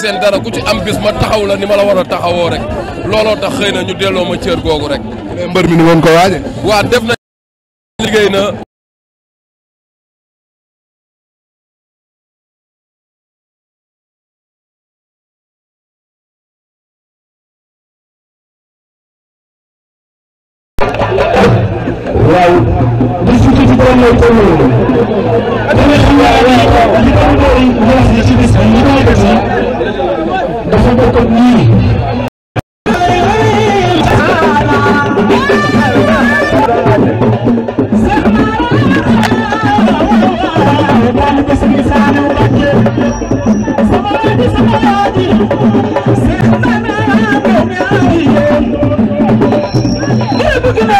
seen dara ku ci am bis ma taxaw ni ma la war a taxawoo rek looloo tax xëy na ñu delloo ma cër googu rek. mbër mi ni woon ko waaje waa def na mooy commune bi. dana xam ne li ko doon ñaax yi ci bis bi ñu koy def yi dafa bokk ak nii. Look at that!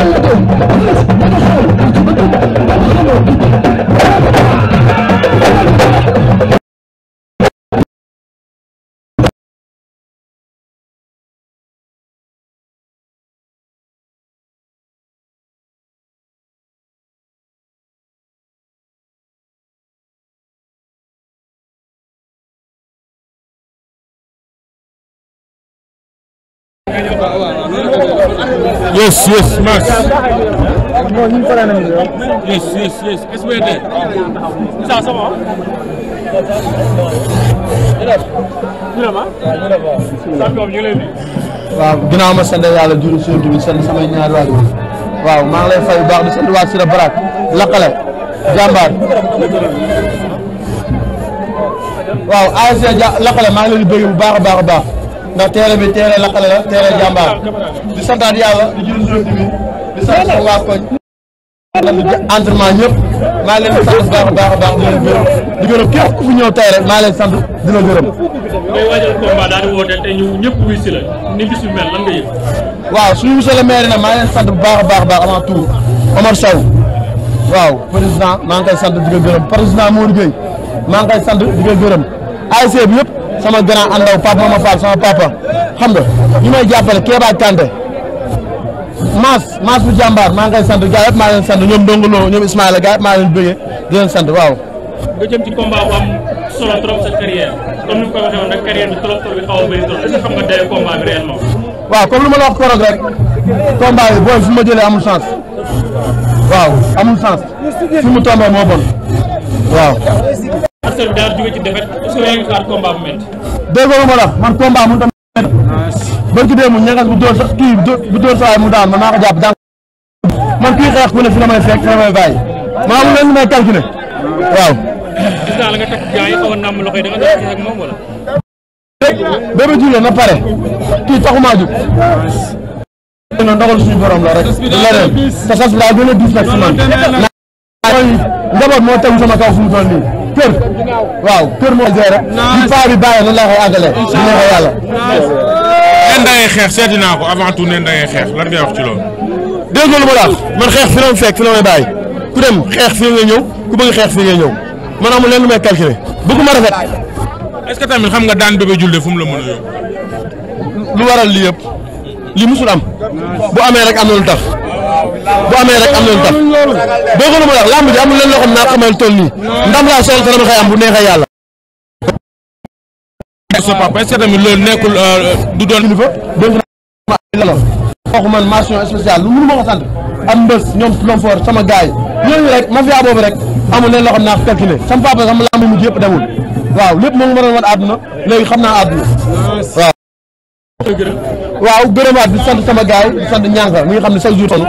Thank you. Yes, yes, Max. Yes, yes, yes. It's where there. Ça, ça waaw ginnaaw ma sant yàlla juru si bi sant samay ñaar waajur waaw maa ngi lay fay baax di sant waa Sira Barak laqale jàmbaar waaw ASC laqale maa ngi leen di bu baax a baax a baax ndax teere bi teere laqale la teere jàmbaar di santaat yàlla di jël sëñ bi di sant sa waa koñ. entraînement ñëpp maa a baax baax di leen gërëm di maa leen sant di la gërëm. ngay waajal combat daal di woote te ñu ni bis bi mel lan waaw suñu monsieur le maire maa leen sant bu baax a baax a baax avant tout Omar Sow waaw président maa ngi koy sant di ko gërëm président Modou Gueye maa ngi koy sant di ko gërëm ASC bi yëpp. sama grand andaw Pape Mama Fall sama papa xam nga ñu may jàppale Kéba Kanté Maas Maas bu jàmbaar maa ngi koy sant gars yëpp maa leen sant ñoom Ndongo ñoom Ismaïla gars yëpp maa leen bëggee di sant waaw. nga am solo trop lu ma la wax korog rek combat bi booy fu ma jëlee amul chance waaw amul chance fi mu tombé moo bon est-ce que yaa ngi xaar combat bu métti. man a métti. barki démb ñagas bu dóor sax kii bu dóor saa mu daan man maa ko jàpp daan man kii xeex ku ne fi la may fekk fi la may bàyyi maa mu leen may calculer waaw. gis naa la nga takk a nàmm loxo yi da nga doon gis ak moom wala. na pare kii taxumaa jub. non ndogal la a moo tegu sama kaw fu mu toll nii. kër waaw kër moo géré ci paa bi bàyyi na la ko àggale di ne xeex seeti naa ko avant tout nen da ngay xeex lan ngay wax ci loolu dégg lu ma la man xeex fi la fekk fi la may bàyyi ku dem xeex fi nga ñëw ku bëgg xeex fi nga ñëw man amul leen lu may calculer bëgguma rafet est que tamit xam nga daan bébé julde fu mu la mën a yóbbu lu waral lii yëpp li musul am bu amee rek am na lu tax bu amee rek am nañu taf boo ko mën a wax làmb ji amul leen loo am bu neexee yàlla. sa papa est-ce que tamit loolu nekkul euh, du man mention spéciale lu mënu ma ko sant am mbës ñoom Lomfor sama gaay ñooñu rek mafia boobu rek amul leen loo xam naa ko calculé sama papa sama làmb mu yëpp demul waaw lépp moo ma doon wan àdduna léegi xam naa àdduna waaw waaw gërëmaat di sant sama gaay di sant ñànga mi nga xam ne sa jour tonu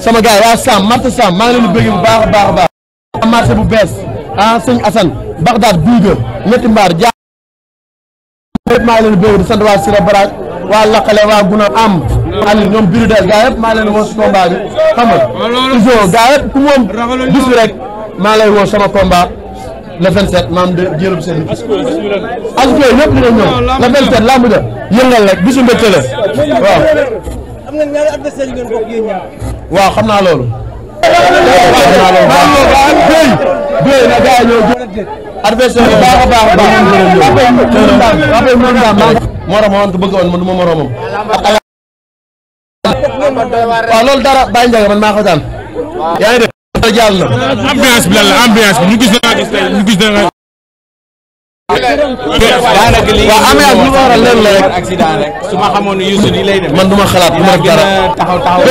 sama gaay waa Sam marché Sam maa ngi leen di bu baax a baax a baax a marché bu bees ah sëñ Assane Bagdad guy ga ñetti mbaar ja yëpp maa ngi leen di bëgg sant waa Sira Baraj waa Lakale waa Guna am ali ñoom biru del gaay yëpp maa leen di woo si xam nga iso yëpp ku moom bis rek maa lay woo sama combat le 27 maam de jëlub seen askan yëpp dina ñëw le 27 lamb ja yëngal rek bisu mbégte la waaw. am na ñaari adversaire yu ngeen bokk yéen ñaar. waaw xam naa loolu. xam naa loolu waaw. béy na gars yi ñëw jël. adversaire bu baax a baax a baax. waaw moom daal maa ngi. moromoon ku bëgg woon man du ma moromam. waaw loolu dara bàyyi njëkk man maa ko daan yaa ngi def. te jàll na. ambiance bi waaw ambiance ma du ma xalaat du ma def dara taxaw taxaw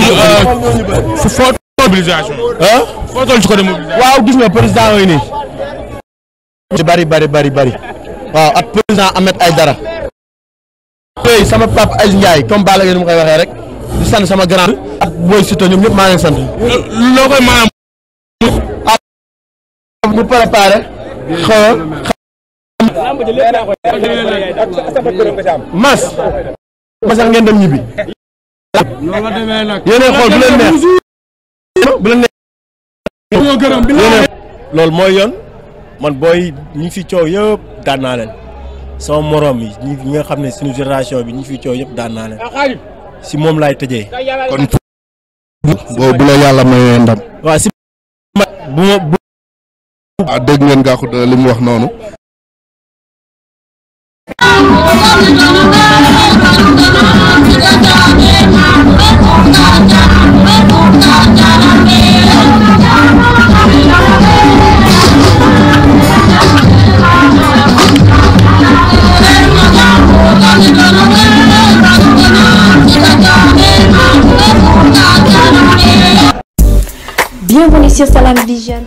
ci euh, président yooyu bari bari bari bari waaw ak président Ahmed Aïdara. tey sama papa Aziz Ndiaye comme Balla ngeen mu koy waxee rek. di sant sama grand ak booy Siteu ñoom maa ngi sant. loo koy ngeen dem ñibbi. yéenay xool loolu mooy yoon man booy ñu fi coow yëpp daan naa leen sama morom yi ñi nga xam ne suñu génération bi ñu fi coow yëpp daan naa si moom laay tëjee. kon. boo bu la yàlla mayee ndam. waaw si bu ma bu. ah dégg ngeen Gackou li mu wax noonu. sur Salam Vision